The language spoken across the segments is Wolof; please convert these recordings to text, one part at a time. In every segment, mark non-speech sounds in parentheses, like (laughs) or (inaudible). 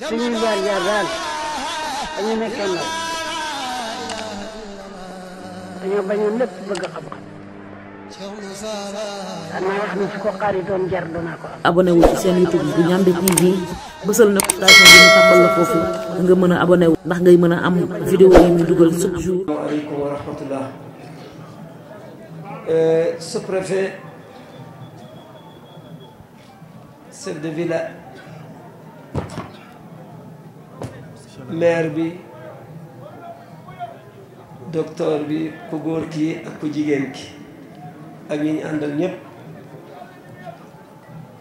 suñuy jaar-jaar daal ba nekkee ndaw dañoo bañoon lépp bëgg xam-xam. seen YouTube bu Ndiamé TV nga mën a ndax ngay mën a am vidéo yi ñu dugal chaque jour. maire bi docteur bi ku góor kii ak ku jigéen ki ak ñu àndal ñépp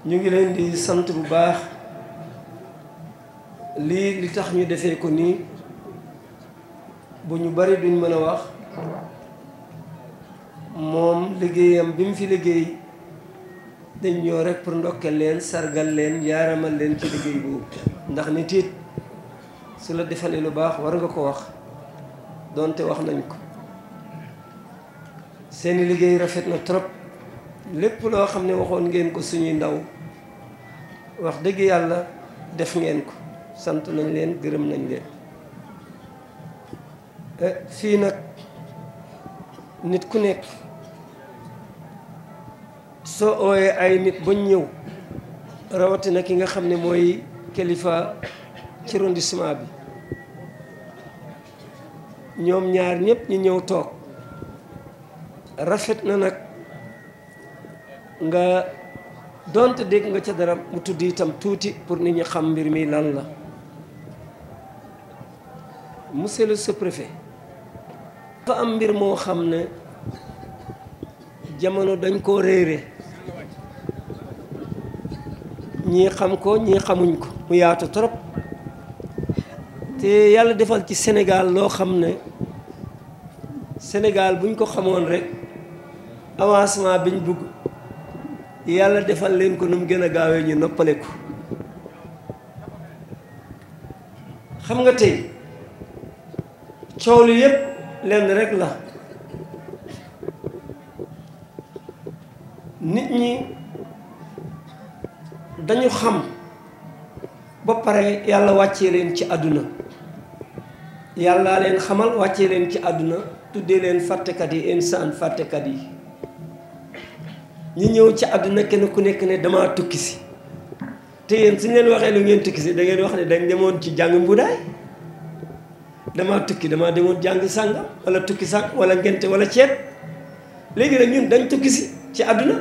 ñu ngi leen di sant bu baax lii li tax ñu defee ko nii bu ñu bari duñ mën a wax moom liggéeyam bi mu fi liggéey dañ ñëw rek pour ndokkeel leen sargal leen yaaramal leen ci liggéey boobu ndax nit it su la defalee lu baax war nga ko wax donte wax nañ ko seeni liggéey rafet na trop lépp loo xam ne waxoon ngeen ko suñuy ndaw wax dëgg yàlla def ngeen ko sant nañ leen gërëm nañ leen eh, fii nag nit ku nekk soo ooyee ay nit bañ ñëw rawatina ki nga xam ne mooy kilifa ci arrondissement bi ñoom ñaar ñëpp ñu ñëw toog rafet na nag nga donte dégg nga ca dara mu tudd itam tuuti pour nit ñi xam mbir mii lan la monsieur le sous dafa am mbir moo xam ne jamono dañ koo réere ñii xam ko ñii xamuñ ko mu yaatu trop te yàlla defal ci senegaal loo xam ne Sénégal buñ ko xamoon rek avancement biñ bugg yàlla defal leen ko nu mu gën a gaawee ñu noppale xam nga tey coow li yépp lenn rek la nit ñi dañu xam ba pare yàlla wàcce leen ci àdduna yàlla leen xamal wàccee leen ci àdduna tuddee leen fàttekat yi insaan fàttekat yi ñu ñëw ci àdduna kenn ku nekk ne dama tukki si te yéen suñ leen waxee lu ngeen tukki si da ngeen wax ne dañ demoon ci jàng mbudaay dama tukki dama demoon jàng sàngam wala tukki sàng wala ngente wala ceeb léegi nag ñun dañ tukki si ci àdduna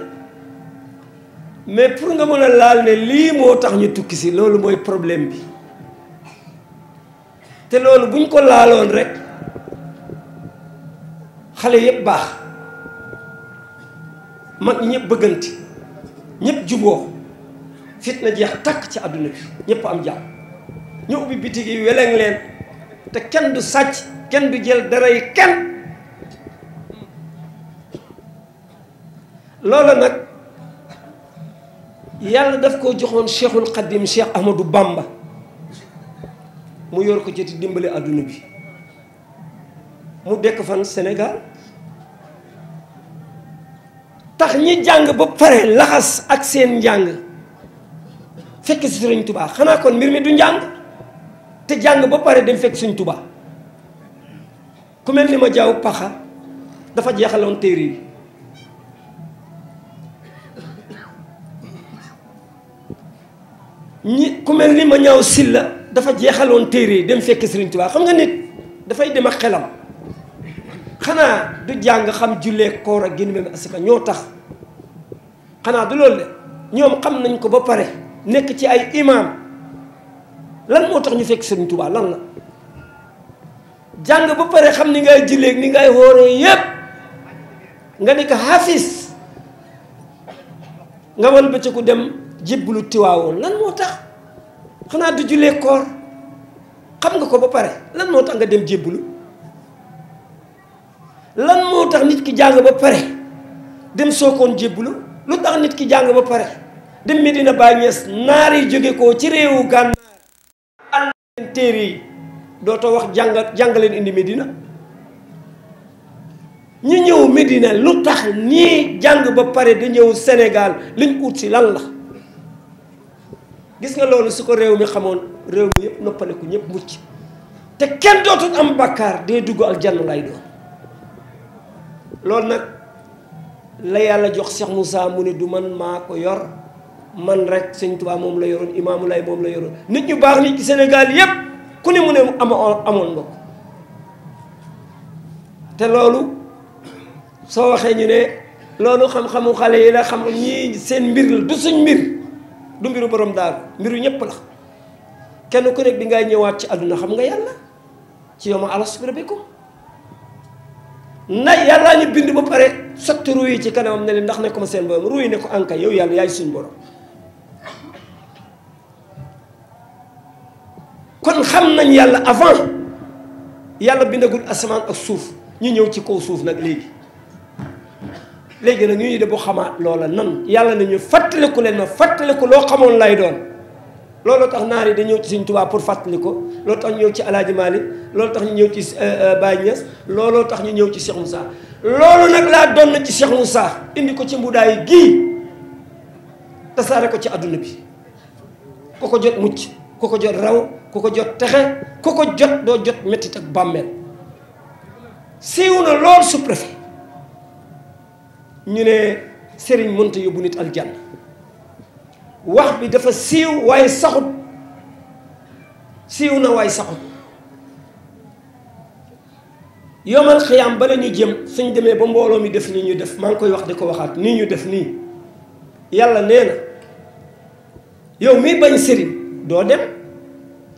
mais pour nga mën a laal ne lii moo tax ñu tukki si loolu mooy problème bi te loolu bu ñu ko laaloon rek xale yëpp baax mag ñëpp bëgganti ñépp juboo fitna jeex takk ci àdduna bi ñëpp am jàmm ñëw bi bitig yi weleng leen te kenn du sàcc kenn du jël dara yi kenn loola nag yàlla daf ko joxoon cheikhul xadim cheikh ahmadou bamba mu yor ko ci dimbalé aduna bi mu dekk fan Sénégal tax ñi jang ba paré laxas ak seen jang fekk ci serigne touba xana kon mbir mi du jang te jang ba paré dem fekk serigne touba ku melni ma jaw paxa dafa jexalon téré ñi ku melni ma ñaw silla dafa jeexaloon téré dem fekk serigne touba xam nga nit fay dem ak xelam xana du jang xam julé koor ak génn même asaka ño tax xana du lol de ñoom xam nañ ko ba paré nek ci ay imam lan mo tax ñu fekk serigne touba lan la jang ba paré xam ni ngay julé ni ngay horo yépp nga nekk xaafis nga wal ku dem jiblu lan mo tax xana du julé koor xam nga ko ba pare lan motax nga dem jébbalu lan motax nit ki jang ba paré dem sokon jébbalu lu tax nit ki jang ba paré dem Medina ba ñess naari jogé ko ci réewu gannaar àll leen téere wax jang indi Medina ñi ñew Medina lu tax nyi jang ba paré da ñew Sénégal liñ outil lan la gis nga loolu su ko réew mi xamoon réew mi yëpp noppaleku ñëpp mucc te kenn dootul am bàkkaar dee dugg ak jann lay doon loolu nag la yàlla jox Cheikh Moussa mu ne du man maa ko yor man rek sëñ Tuubaa moom la yoroon imaamu lay moom la yoroon nit ñu baax nit ci Sénégal yëpp ku ne mu amoon amoon nga te loolu soo waxee ñu ne loolu xam-xamu xale yi xam ñii seen mbir la du suñ mbir du mbiru borom daal mbiru ñëpp la kenn ku nekk bi ngay ñëwaat ci àdduna xam nga yàlla ci yow ma alas rabbikum na yàllaa ñu bind ba pare sotti ruu ci kanamam ne leen ndax nekkuma seen borom ruu yi ne ko anka yow yàlla yaay suñu borom. kon xam nañ yàlla avant yàlla bindagul asamaan ak suuf ñu ñëw ci kaw suuf nag léegi. léegi nag ñu de bu xamaat loola nan yàlla nañu fàttaliku leen ma fàttaliku loo xamoon lay doon looloo tax naar yi dañ ñëw ci Sëñ Tuubaa pour fàttali ko loolu tax ñu ñëw ci Alaaji Maalik loolu tax ñu ñëw ci euh, euh, Baay Ñas looloo tax ñu ñëw ci Cheikh Moussa loolu nag laa doon na ci Cheikh saa indi ko ci mbudaay gii tasaare ko ci àdduna bi ku ko jot mucc ku ko jot raw ku ko jot texe ku ko jot doo jot mettit ak bàmmeel siiw na lool sous ñune serigne sëriñ yobu nit aljanna wax bi dafa siiw waaye saxut siiw na waaye saxut yomal xiyaam bala ñu jëm suñ demee ba mbooloo mi def ni ñu def maa ngi koy wax di ko waxaat nii ñu def nii yàlla nee na yow mi bañ sëriñ doo dem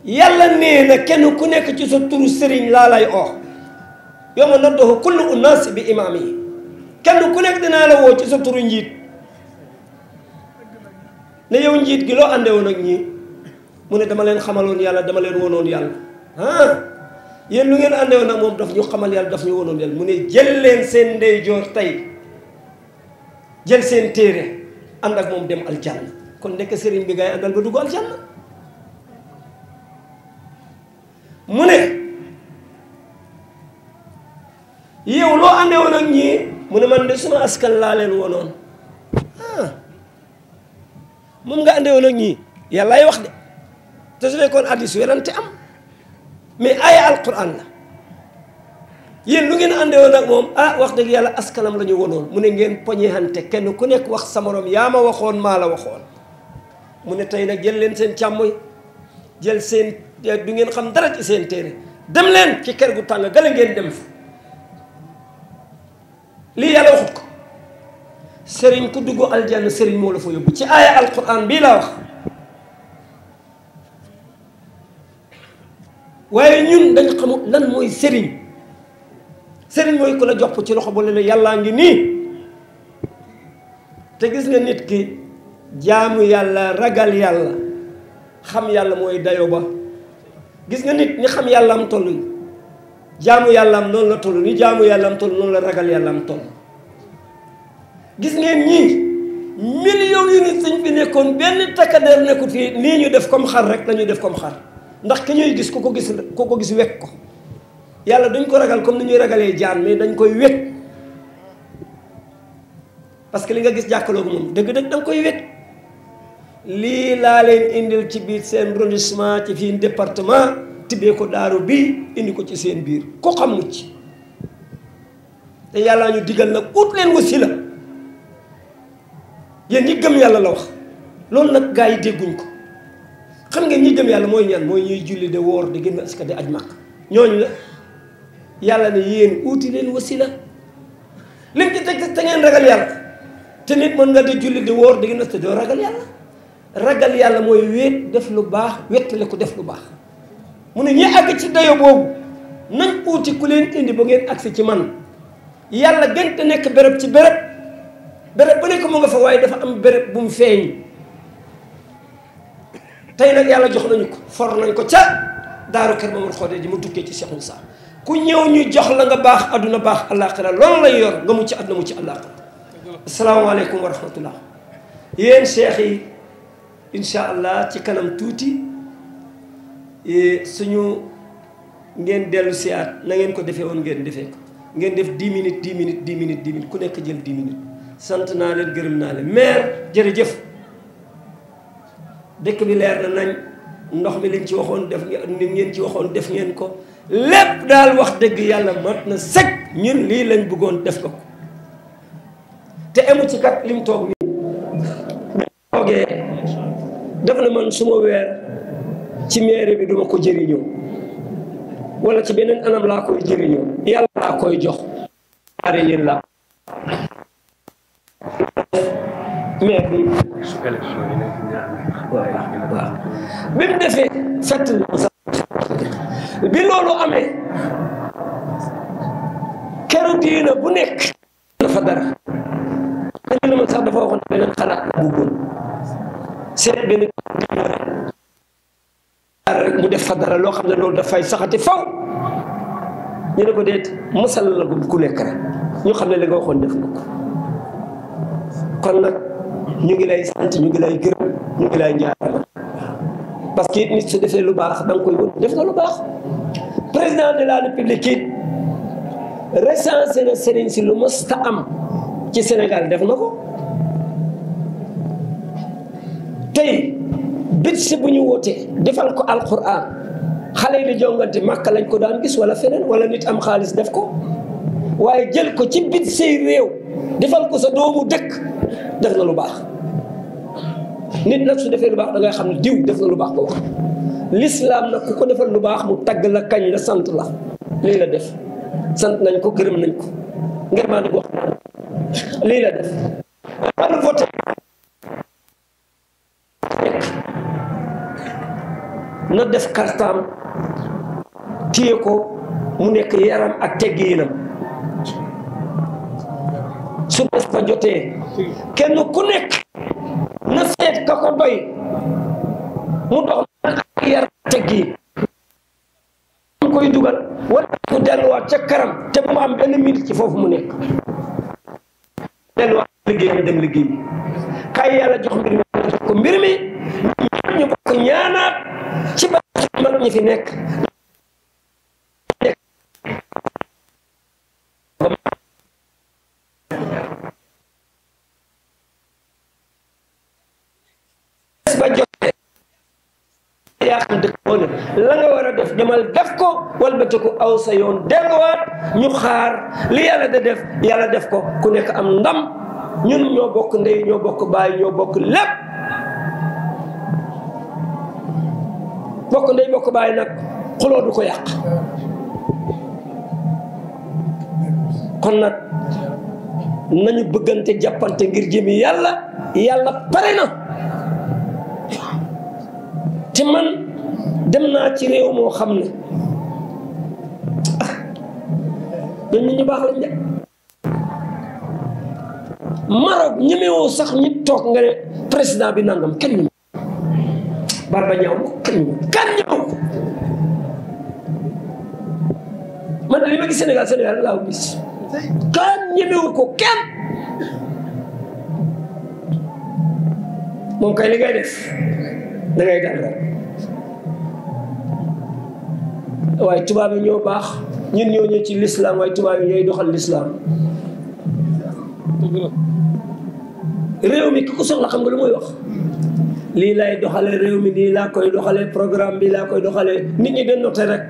yàlla nee na kenn ku nekk ci sa turu sëriñ laa lay oo yow ma naddahu kullu unnaasi bi imaam yi kenn du ku nekk dinaa la woo ci sa turu njiit ne yow njiit gi loo àndewoon ak ñii mu ne dama leen xamaloon yàlla dama leen wonoon yàlla ah yéen lu ngeen ande àndewoon ak moom daf ñu xamal yàlla daf ñu wonoon yàlla mu ne jël leen seen ndeyjoor tey jël seen téere ànd ak moom dem aljanna kon nekk sëriñ bi ngay àndal ba dugg aljanna mu ne yow loo àndee woon ak ñii mu ne man de suma askan laa leen wonoon ah moom nga àndee woon ak ñii yàllaay wax de te su fekkoon addis werante am mais ay alquran la yéen lu ngeen àndee woon moom ah wax dëgg yàlla askanam la ñu wonoon mu ne ngeen poñeexante kenn ku nekk wax sa yaa ma waxoon maa la waxoon mu ne tey nag jël leen seen càmmoñ jël seen eh, du ngeen xam dara ci seen téere dem leen ci kër gu tàng gala ngeen dem fi lii yàlla waxut ko sëriñ ku dugg aljanna sëriñ moo la fa yóbbu ci aaya alquran bii laa wax waaye ñun dañ xamul lan mooy sëriñ sëriñ mooy ku la jopp ci loxo ba la ne ngi nii te gis nga nit ki jaamu yàlla ragal yàlla xam yàlla mooy dayo ba gis nga nit ñi xam yàlla am toll jaamu am noonu la toll ni jaamu yàllaam toll noonu la ragal yàllaam toll gis ngeen ñii millions yu nit suñ fi nekkoon benn takkadeer nekkut fii nii ñu def comme xar rek la def comme xar ndax ki ñuy gis ko ko gis ku ko gis wekk ko yàlla duñ ko ragal comme ni ñuy ragalee jaan mais dañ koy wekk parce que li nga gis jàkkaloogu moom dëgg-dëgg da koy wekk lii laa leen indil ci biir seen arrondissement ci fii département tibbee ko daaru bi indi ko ci seen biir ko xam ci te yàllaa ñu digal nag ut leen wasila yéen ñi gëm yàlla la wax loolu nag gaa yi dégguñ ko xam ngeen ñi gëm yàlla mooy ñan mooy ñuy julli de woor di génn màkk ñooñu la yàlla ne yéen uuti leen wasila lim ci teg te ngeen ragal yàlla te nit mën nga di julli di woor di génn askan doo ragal yàlla ragal yàlla mooy wéet def lu baax wettale ko def lu baax mu ne ñi àgg ci dayo boobu nañ uuti ku leen indi ba ngeen agsi ci man yàlla gën te nekk bërëb ci bërëb béréb bu nekk mu nga fa waaye dafa am béréb bu mu feeñ tey nag yàlla jox nañu ko for nañ ko ca daaru kër Mamadou Xodé ji mu tukkee ci Cheikh Moussa ku ñëw ñu jox la nga baax adduna baax àllaaxira loolu lay yor nga mucc adduna mucc àllaaxira asalaamaaleykum wa rahmatullah yéen cheikh yi incha allah ci kanam tuuti suñu ngeen dellu si at na ngeen ko defee woon ngeen defee ko ngeen def 10 minutes 10 minutes 10 minutes 10 minutes ku nekk jël 10 minutes sant naa leen gërëm naa leen maire jërëjëf dëkk bi leer na nañ ndox mi liñ ci waxoon def ngeen ci waxoon def ngeen ko lépp daal wax dëgg yàlla mat na sëkk ñun lii lañ bëggoon def ko te emu ci kat lim toog nii toogee def na man suma weer ci mairie bi duma ko jëriñoo wala ci beneen anam laa koy jëriñoo yàlla laa koy jox are yéen laa maire bi waaw bi mu amee keru diina bu nekk dafa dara xëy na man sax dafa waxoon beneen xalaat la bëggoon seet benn xaar def fa loo xam ne loolu dafay saxati faw ñu ne ko déet masal la ku nekk rek ñu xam ne li waxoon def na kon nag ñu ngi lay sant ñu ngi lay gërëm ñu ngi lay ñaanal parce que nit su defee lu baax da nga koy wut def na lu baax président de la république it recensé na sëriñ si lu mës ta am ci Sénégal def na ko tey bit si bu ñu wootee defal ko alquran xale yi di jongante màkka lañ ko daan gis wala feneen wala nit am xaalis def ko waaye jël ko ci bit say réew defal ko sa doomu dëkk def na lu baax nit nag su defee lu baax da ngay xam ne diw def na lu baax kooku lislaam nag ku ko defal lu baax mu tagg la kañ la sant la lii la def sant nañ ko gërëm nañ ko ngërmaa ne wax lii la def na def kartaam téye ko mu nekk yaram ak teggiinam su bés ba jotee kenn ku nekk na seet ka ko doy mu dox mu koy dugal ca karam te mu am benn minute ci foofu mu nekk delluwaat liggéeyam dem liggéey bi yàlla jox mbir mi nekk la nga war a def demal def ko walbatiku aw sa yoon delluwaat ñu xaar li yàlla da def yàlla def ko ku nekk am ndam ñun ñoo bokk ndey ñoo bokk baay ñoo bokk lépp bokk ndey bokk bàyyi nag xuloo du ko yàq kon nag nañu bëggante jàppante ngir jëmi yàlla yàlla pare na te man dem naa ci réew moo xam ne dañ ah, ñu baax lañ ñemewoo sax nit toog nga ne président bi nangam kenn Barba ñaw ko kan ñaw ko moom kay li ngay def dangay ngay dal rek waaye tubaab yi ñoo baax ñun ñoo ñëw ci lislaam waaye tubaab yi ñooy doxal lislaam réew mi ki ko soxla xam nga lu muy wax lii lay doxalee réew mi nii laa koy doxalee programme bi laa koy doxale nit ñi dañ noté rek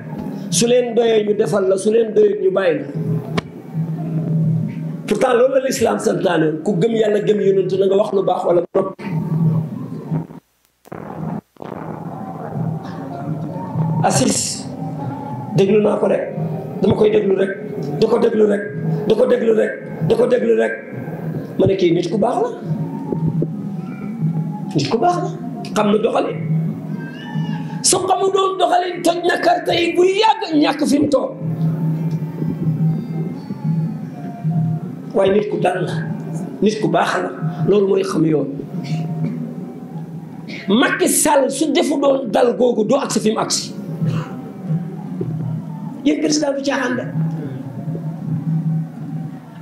su leen doyee ñu defal la su leen doyee ñu bàyyi la. pourtant loolu la lislaam santaane ku gëm yàlla gëm yonent na nga wax lu baax wala trop. Assis déglu naa ko rek dama koy déglu rek da ko déglu rek da ko déglu rek da ko déglu rek ma ne kii nit ku baax la. nit ku baax la xam na doxalin su xamu doon doxalin toj na carte yi bu yàgg ñàkk fi mu toog waaye nit ku dal la nit ku baax la loolu mooy xam yoon Macky Sall su defu doon dal googu doo agsi fi mu agsi yéen président du caaxaan de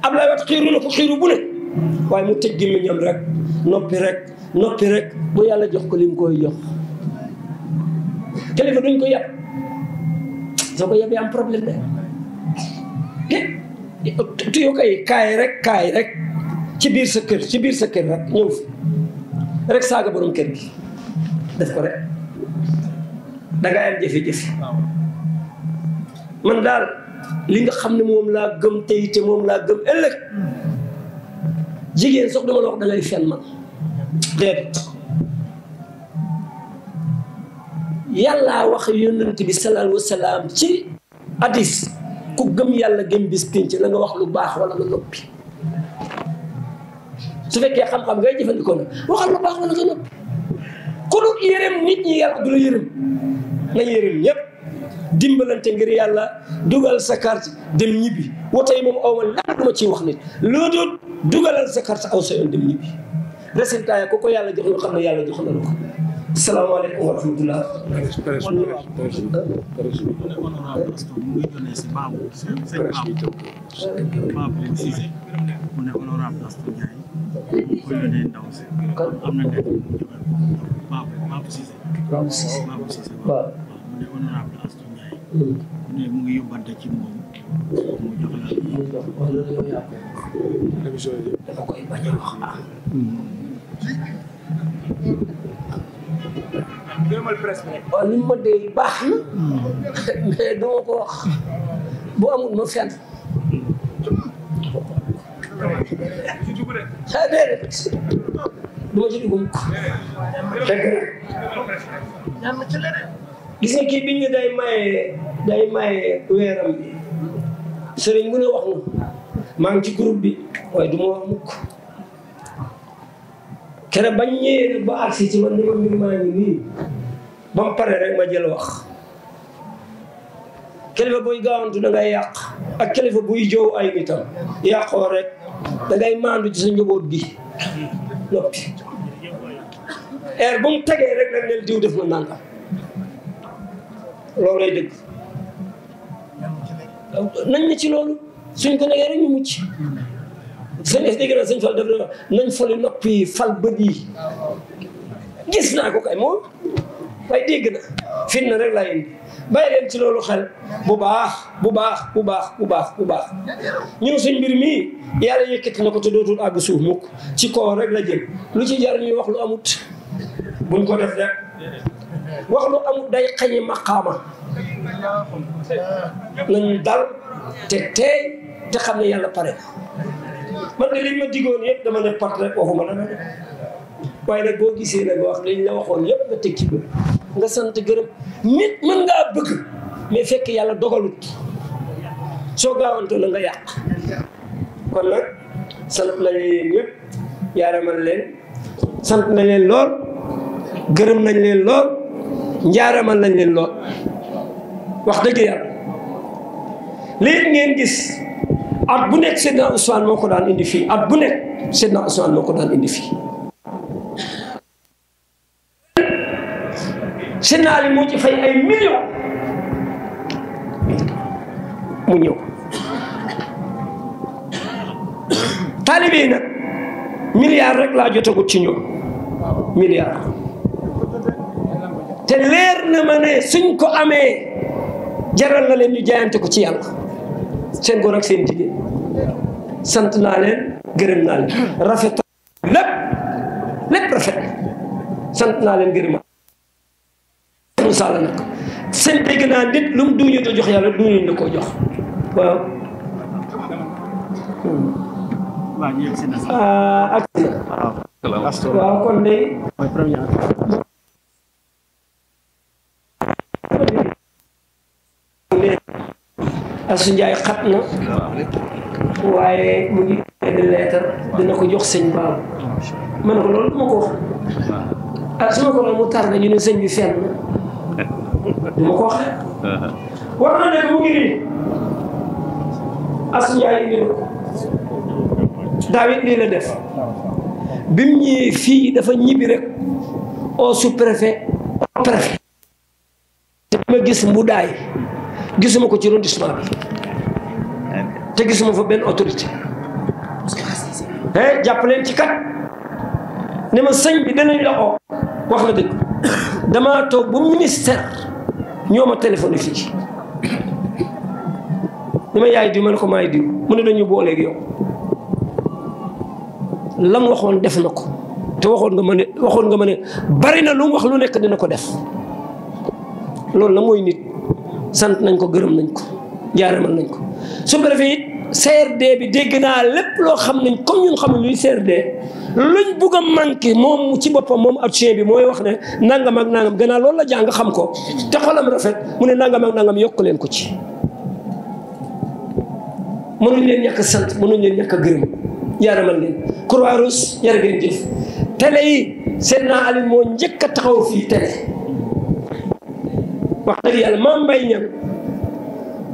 Abdoulaye Wade xiiru na ko xiiru bu ne waaye mu tëj mu ñam rek noppi rek noppi rek bu yàlla jox ko lim koy jox kilifa duñ ko yab soo ko am problème de te tuyo kaay rek kaay rek ci biir sa kër ci biir sa kër rek ñëw fi rek saaga borom kër gi def ko rek danga am jafe-jafe man daal li nga xam ne moom laa gëm tey te moom laa gëm ëllëg jigéen sox dama la wax dangay fen man déet yàllaa wax yonent bi sallallahu alayhi wa salaam ci hadis ku gëm yàlla gëm bis pénc la nga wax lu baax wala nga noppi su fekkee xam-xam ngay jëfandikoo na waxal lu baax wala nga noppi ku dul yërëm nit ñi yàlla du la yërëm nañ yërëm ñëpp dimbalante ngir yàlla dugal sa carte dem ñibbi woto yi moom aw ma lan lu ciy wax nit loo doon dugalal sa carte aw sa yoon dem ñibbi résultat ya ku ko yàlla jox ñu xam ne yàlla jox na la ko salaamaaleykum wa rahmatulah. waaw. ne mu ngi yóbbante ci moom mu jox la. mu jox la loolu yow yaa ko. émission yi dafa koy bañ a wax ah. waaw li mu ma dee baax na mais duma ko wax bu amul ma fen ah déedéet duma ci dugg mukk dëgg day maye day maye wax na maa ngi ci groupe bi waaye du ma wax keneen bañ ba agsi ci man ni ma mbir maa ngi pare rek ma jël wax kilifa buy gaawantu da ngay yàq ak kilifa buy jow ay nitam yàqoo rek da maandu ci sa njaboot gi noppi heure bu mu tegee rek nag neen diw def na nanga loolay dëgg nañ na ci loolu suñ ko negee rek ñu mucc jeunesse dégg naa sëñ Fall def na nañ fali noppi fal bët yi gis naa ko kay moom waaye dégg na fin na rek laay indi bàyyi leen ci loolu xel bu baax bu baax bu baax bu baax bu baax ñu suñ mbir mi yàlla yëkkati na ko te dootul àgg suuf mukk ci kaw rek la jëm lu ci jar ñuy wax lu amut buñ ko def rek wax lu amut day xañe maqaama nañ dal te teey te xam ne yàlla pare man de liñ ma digoon yëpp dama ne part rek waxuma dama ne waaye nag boo gisee nag wax liñ la waxoon yëpp nga teg ci nga sant gërëm nit mën ngaa bëgg mais fekk yàlla dogalut soo gaawante la nga yàq kon nag sant nañ leen ñëpp yaaramal leen sant nañ leen lool gërëm nañ leen lool njaaramal nañ leen lool wax dëgg yàlla léegi ngeen gis at bu nekk Seydina moo ko daan indi fii at bu nekk Seydina Ousmane moo ko daan indi fii. Seydina Ali moo ci fay ay millions mu ñëw taalibe yi nag milliards rek laa jotagut ci ñu milliards te leer na ma ne suñ ko amee jaral na leen ñu jaayante ko ci yàlla seen ko ak seen jigéen sant naa leen gërëm naa leen rafet lépp lépp rafet sant naa leen gërëm mu sàll nag seen dégg naa nit lu mu duñu jox yàlla duñu ñu ko jox waaw waaw ah, kon de waaye mu ngi benn leetar dina ko jox sëñ baab ma ne ko loolu ma ko wax ah, ah su ma ko loolu mu tar ñu ne sëñ bi fenn du ma ko wax ah. war na ne mu ngi nii indi ko daawit lii la def bi mu ñëwee fii dafa ñibbi rek au sous-préfet au préfet te ma gis mbudaay gisuma ko ci arrondissement te gisuma fa benn autorité eh jàpp leen ci kat ne ma sëñ bi danañ la oo wax na dëgg damaa toog bu ministère ñoo ma téléphoné fii ni ma yaay diw ma ko maay diw mu ne dañu booleeg yow lam waxoon def na ko te waxoon nga ma waxoon nga ma ne bari na lu wax lu nekk dina ko def loolu la mooy nit sant nañ ko gërëm nañ ko jaaramal nañ ko su ko defee it CRD bi dégg naa lépp loo xam nañ comme ñun xam ne luy CRD luñ bugg a manqué moom ci boppam moom action bi mooy wax ne nangam ak nangam gannaaw loolu la jàng xam ko te xolam rafet mu ne nangam ak nangam yokk leen ko ci. mënuñ leen ñàkk sant sant mënuñ leen ñàkk a gërëm yaaramal leen Croix-Rouge yar ngeen jëf télé yi seen naa Aliou moo njëkk a taxaw fii télé wax dëgg yàlla maa mbay ñam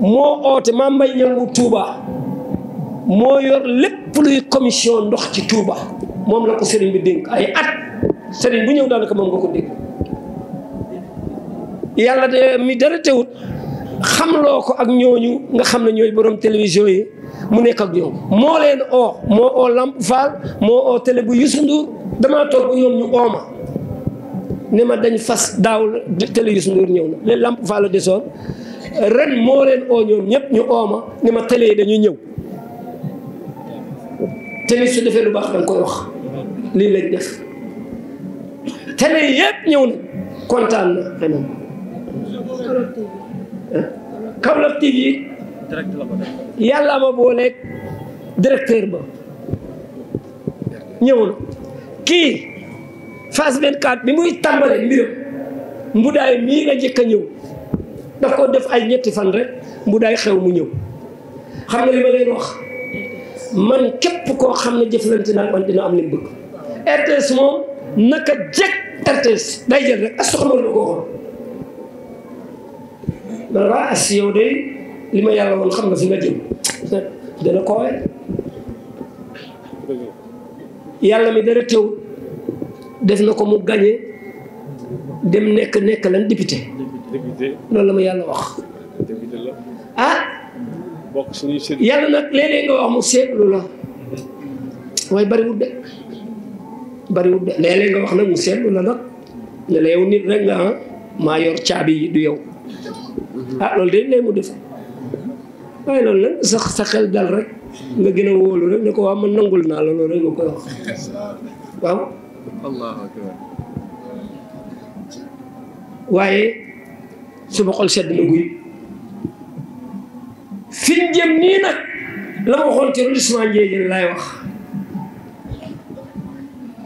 moo oote Mame Mbaye Niang bu Touba moo yor lépp luy commission ndox ci Touba moom la ko sëriñ bi dénk ay at sëriñ bu ñëw daanaka moom nga ko dénk yàlla de mi dara teewut xamloo ko ak ñooñu nga xam ne ñooy borom télévision yi mu nekk ak ñoom moo leen oo moo oo Lamp Fall moo oo télé bu Youssou Ndour damaa toog ñoom ñu ooma ne ma dañ fas daaw la télé Youssou ñëw na leen Lamp Fall la desoon ren moo leen oo ñoom ñëpp ñu ooma ni ma télé yi dañuy ñëw te nit su defee lu baax danga koy wax lii lañ def télé yëpp ñëw na kontaan na xanaa Kaolack TV yàlla ma booleeg directeur ba ñëw na kii phase 24 bi muy tàmbale mbiram mbudaay mii nga njëkk a ñëw daf ko def ay ñetti fan rek mu day xew mu ñëw xam nga li ma leen wax man képp koo xam ne jëflante naa man dina am li mu bëgg RTS moom naka jekk RTS day jël rek asoxla na ko woon man waa as ah, yow de li ma yàlla woon xam nga fi nga jëm dana koowe yàlla mi dara teew def na ko mu gañe dem nekk nekk lan député loolu la ma yàlla wax ah yàlla nag léeg nga wax mu seetlu la waaye bariwul de bariwul de léeg nga wax nag mu seetlu la nag ne la yow nit rek nga ah maa yor caabi yi du yow ah loolu de léeg mu def waaye loolu la sax sa xel dal rek nga gën a wóolu rek ne ko waaw man nangul naa loolu rek nga koy wax (laughs) waaw waaye suma xol sedd na guy fi ñu nii nag la ma waxoon ci arrondissement Ndiédiène laay wax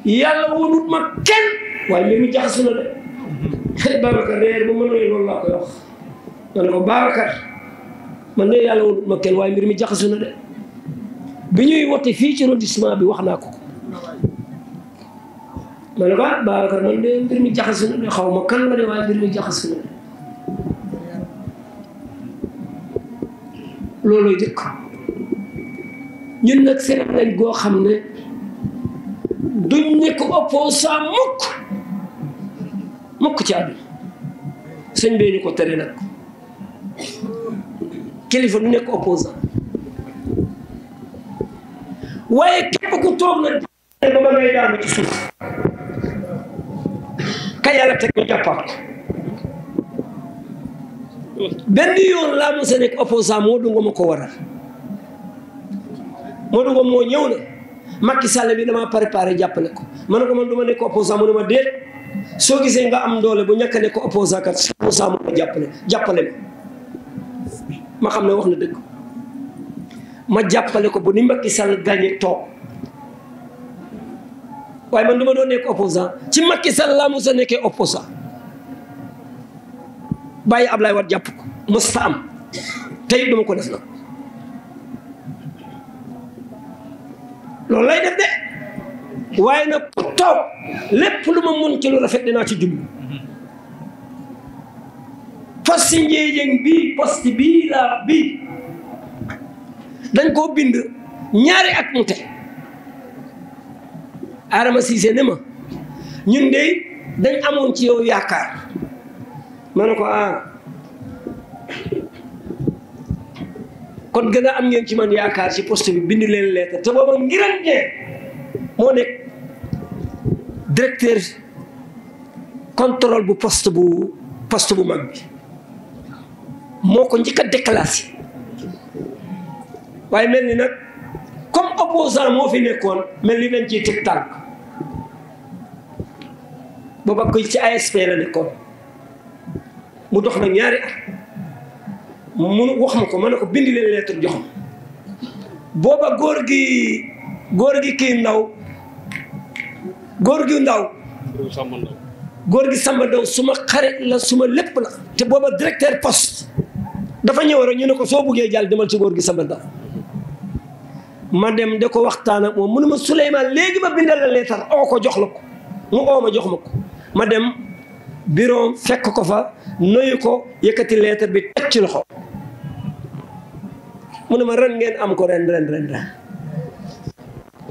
yàlla wonut ma kenn waaye mbir mi jaxasu na de Babacar reer ba mën a loolu laa koy wax ma ne ko Babacar man de yàlla wonut ma kenn waaye mbir mi jaxasu na de bi ñuy wote fii ci arrondissement bi wax naa ko ma ne ko ah Babacar man de mbir mi jaxasoo na xaw ma kan la de waaye mbir mi jaxasoo na looloo jëkk ñun nag seen lañ goo xam ne duñ nekk opposant mukk mukk ci àdduna sëñ bee ñu ko tere nag kilifa du nekk opposant waaye képp ku toog na ba ma ngay daanu ci suuf ka yàlla teg ñu jàppaat benn yoon laa mos a nekk opposant Modou Ngom a ko waral Modou Ngom moo ñëw ne Macky Sall bi damaa préparé jàppale ko ma ne ko man du ma nekk opposant mu ne ma déet soo gisee nga am doole bu ñàkk a nekk opposant kat opposant moo jàppale jàppale ma ma xam ne wax na dëgg ma jàppale ko bu ni Macky Sall gagné toog. waaye man du ma doon nekk opposant ci makki Sall laa mos a nekkee opposant bàyyi Ablaye Wade jàpp ko mos am tey duma ko def nag lay def de waaye nag ku toog lépp lu ma mun ci lu rafet dinaa ci jublu poste njeejëng bii poste bii bii dañ koo bind ñaari at mu te Adama Cissé ne ma ñun de dañ amoon ci yow yaakaar ma ne ko ah kon gën a am ngeen ci man yaakaar ci post bi bind leen lettre te booba Ngirane Dieng moo nekk directeur contrôle bu post bu poste bu mag bi moo ko njëkk a déclassé waaye mel ni nag comme opposant moo fi nekkoon mel ni dañ ciy teg tànk booba koy ci ASP la nekkoon mu dox na ñaari at mu wax ma ko ma ne ko bind leen lettre jox ma booba góor gi góor gi kii ndaw góor gi ndaw góor gi Samba Ndaw suma xarit la suma lépp la te booba directeur post dafa ñëw rek ñu ne ko soo buggee jàll demal ci góor gi Samba Ndaw ma dem de ko waxtaan ak moom mu ne ma Souleymane léegi ma bindal la leetar oo ko jox la ko mu oo ma jox ma ko ma dem bureau fekk ko fa noyu ko yëkkati lettre bi teg ci loxo mu ne ma ren ngeen am ko ren ren ren ren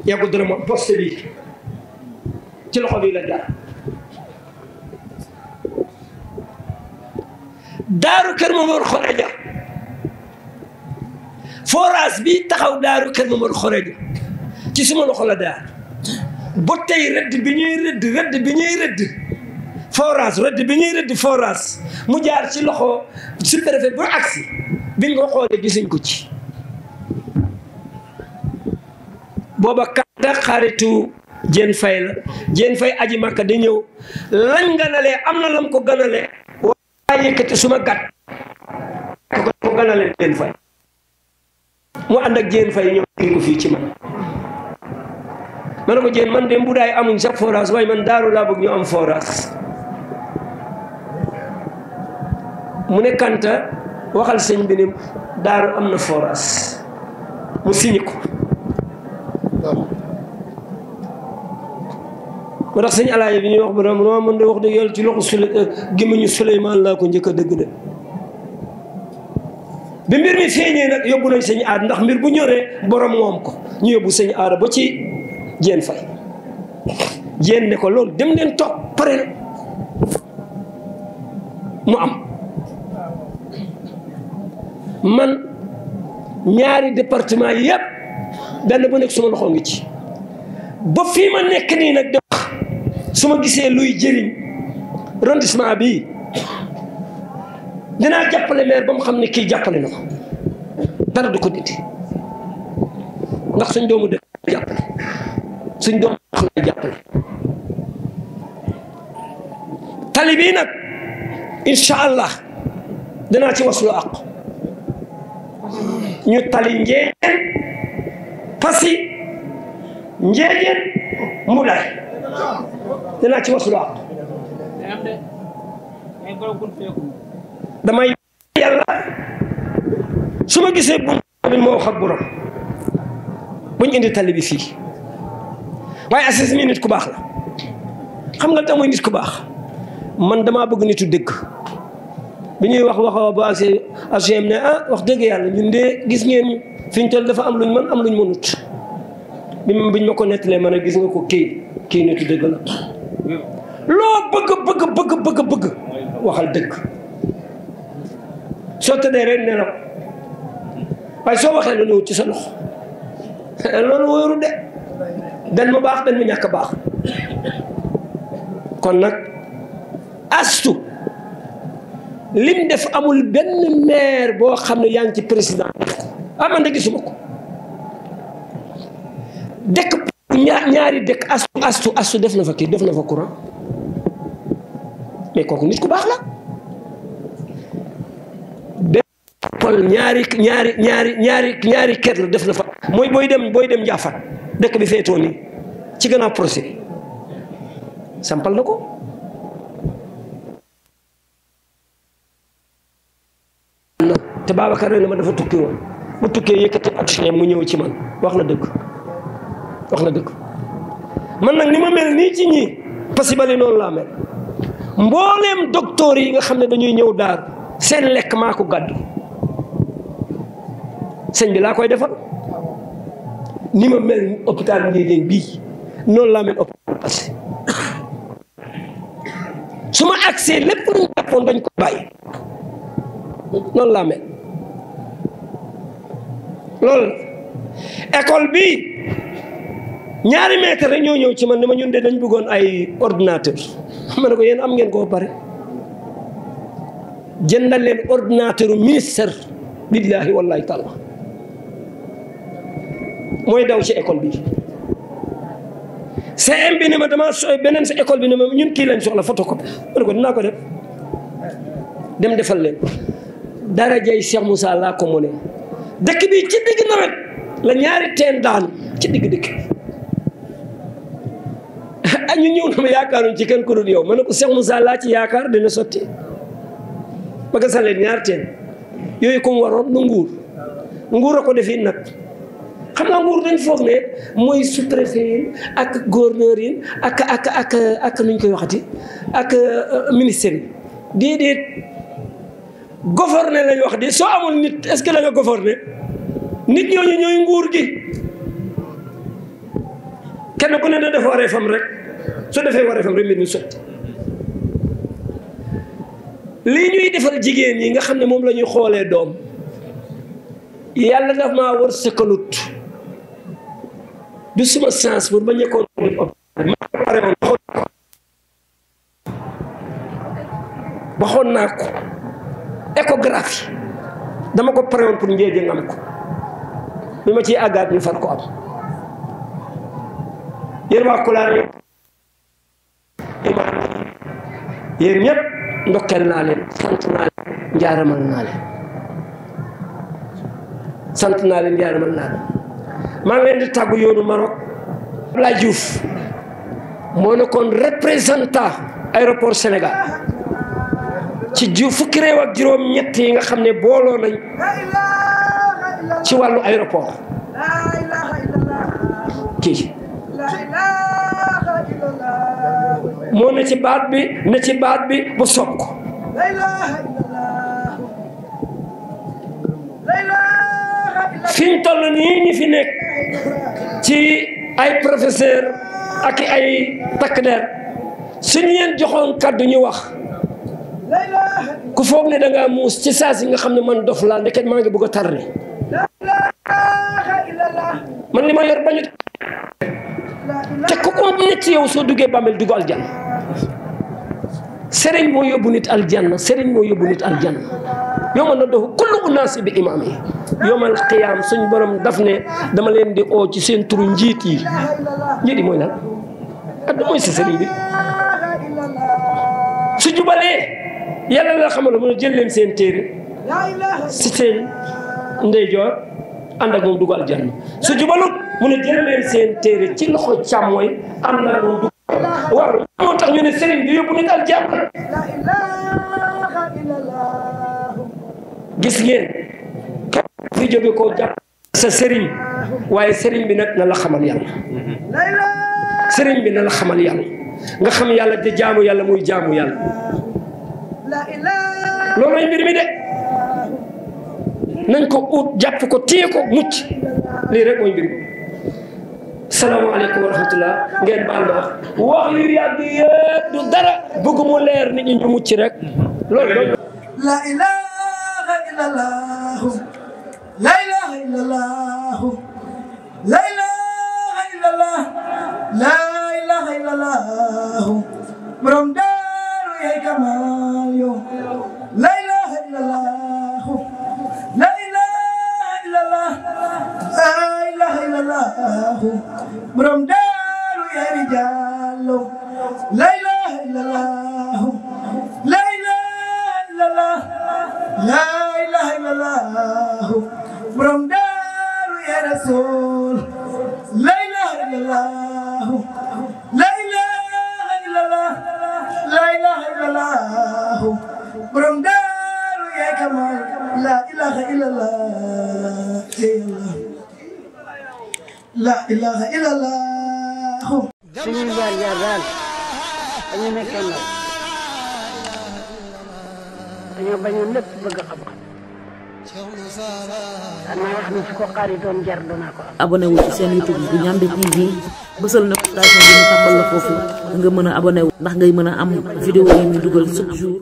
yàggu dara ma poste bi ci loxo bi la jaar daaru kër Momar Xoreja forage bi taxaw daaru kër Momar Xoreja ci suma loxo la daar ba tey rëdd bi ñuy rëdd rëdd bi ñuy rëdd forage rëdd bi ñuy rëdd foraas mu jaar ci loxo sous-préfet bu agsi biñ ko xoolee gisuñ ko ci booba kàdda xaritu jën fay la Diène fay aji Makka di ñëw lañ ganalee am na lam ko ganalee waaye yëkkati suma gàtt ko ganalee Diène Faye ànd ak Diène Faye ñëw fii ci man ma ne ko man de mbudaay amuñ sax forage waaye man daaru laa bëgg ñu am forage mu ne Kanta waxal sëñ bi ni daaru am na forage mu signé ko. moo tax sëñ Alaaji bi ñuy wax bu doon man de wax dëgg yàlla ci loxo Souley euh, gémmiñu Souleymane laa ko njëkk a dëgg de. bi mbir mi feeñee nag yóbbu nañ sëñ aada ndax mbir bu ñoree boroom moom ko ñu yóbbu sëñ aada ba ci jéen fay jéen ne ko loolu dem leen toog pare na mu am. man ñaari département yëpp benn bu nekk suma loxo ngi ci ba fii ma nekk nii nag de wax su ma gisee luy jëriñ arrondissement bi dinaa jàppale maire ba mu xam ne kii jàppale na ko dara du ko dindi ndax suñ doomu dëkk lay jàppale suñ nag incha allah dinaa ci waslu àq ñu tali njeejen pasi njeejen mbuɗay dana ci wasulu ak damay yàlla su ma gisee buñ bi moo wax ak borom buñ tali bi fii waaye Aziz mi nit ku baax la xam nga tax muy nit ku baax man damaa bëgg nitu dëkk bi ñuy wax waxoo ba agsi AGM ne ah wax dëgg yàlla ñun de gis ngeen fi ñu toll dafa am luñ mën am luñ mënut bi biñ ma ko nettalee ma a gis nga ko kii kii nitu dëgg la loo bëgg bëgg bëgg bëgg bëgg waxal dëgg soo tëddee rek ne la waaye soo waxee lu ñëw ci sa loxo (laughs) loolu wóoru de dañ ma baax dañ ma ñàkk baax kon nag astu lim def amul benn maire boo xam ne yaa ngi ci président ah man de gisuma ko dëkk ñaari dëkk astu astu astu def na fa kii def na fa courant mais kooku nit ku baax la pol ñaari ñaari ñaari ñaari ñaari kër la def na fa mooy booy dem booy dem jaafat dëkk bi feetoo nii ci gannaaw procès sampal na ko te Babacar ne ma dafa tukkee woon bu tukkee yëkkati action mu ñëw ci man wax na dëkk wax na dëgg man nag ni ma mel nii ci ñii pasibali noonu laa mel mbooleem docteur yi nga xam ne dañuy ñëw daar seen lekk maa ko gàddu sëñ bi laa koy defal ni ma mel hôpital Ndéndéng bii noonu laa mel hôpital Passy su ma agsee lépp lu jàppoon dañ ko bàyyi noonu laa mel loolu la école bi ñaari maître rek ñoo ñëw ci man dama ñun de dañ bëggoon ay ordinateur ma ne ko yéen am ngeen koo pare jëndal leen ordinateur ministère billahi wallahi taala mooy daw ci école bi CM bi ne ma dama beneen sa école bi ne ma ñun kii lañ soxla photocopie ma ne ko dinaa ko def dem defal leen dara jay Cheikh Moussa laa ko mu ne dëkk bi ci digg nawet la ñaari teen daan ci digg dëkk ah (laughs) ñu ñëw na ma yaakaaruñ ci kenn ku dul yow ma ne ko Cheikh Moussa ci yaakaar dina sotti ba ka saleen ñaari teen yooyu comme waroon na nguur nguur a ko defee nag xam na nguur dañ foog ne mooy sous-préfet ak gouverneur yi ak ak ak ak nuñ koy waxati ak euh, ministère yi déedéet gouverner lañ wax di soo amul nit est-ce que da nit ñooñu ñooy nguur gi kenn ku ne na def wareefam rek su defee wareefam rek mbir mi sotti lii ñuy defal jigéen ñi nga xam ne moom la ñuy xoolee doom yàlla daf maa war sëkkalut du suma chance pour ba ñekkoon waxoon naa ko échographie dama ko pare woon pour njéegéen am ko bi ma ci àggaat ñu far ko am yéen waa Kulaar yëpp yéen ñëpp ndokkeel naa leen sant naa leen njaaramal naa leen sant naa leen njaaramal naa leen maa ngi leen di tàggu yoonu moo nekkoon représentant aéroport senegal ci ji fukki réew ak juróom-ñett yi nga xam ne booloo nañ ci wàllu aéroport kii moo ne ci baat bi ne ci baat bi bu soq ko fi ñu toll nii ñi fi nekk ci ay professeur ak ay takk der suñu leen joxoon kàddu ñu wax ku foog ne da ngaa muus ci saa si nga xam ne man dof laa ndeket maa ngi bëgg a tarri man li ma yor bañu te ku ko ne ci yow soo duggee bàmmeel dugg aljanna sëriñ moo yóbbu nit aljanna sëriñ moo yóbbu nit aljanna yowma naddahu kullu unaasi bi imami. yi yowmal qiyaam suñ borom daf ne dama leen di oo ci seen turu njiit yi lan sëriñ bi su yàlla la xamal mu ne jël leen seen téere si seen ndeyjoor ànd ak moom dugg aljanna su jubalut mu ne jël leen seen téere ci loxo càmmooy ànd ak moom dugg war moo sëriñ waaye sëriñ bi nag na la xamal yàlla sëriñ bi na la xamal yàlla nga xam yàlla te jaamu yàlla muy jaamu yàlla loolu mooy mbir mi de nañ ko ut ko téye ko mucc lii rek mooy mbir mi salaamaaleykum wa rahmatullah ngeen du dara bëgg leer nit ñu mucc rek loolu loolu la ilaha illallah la ilaha illallah يا كمال لا إله إلا الله لا إله إلا الله لا إله إلا الله برم دار يا رجال لا إله إلا الله لا إله إلا الله لا la ilaha illallah suñu jaar jaar ini, dañu nekkee ndaw dañoo bañoon lépp bëgg xam-xam abonné youtube la am vidéo yi ñu duggal chaque jour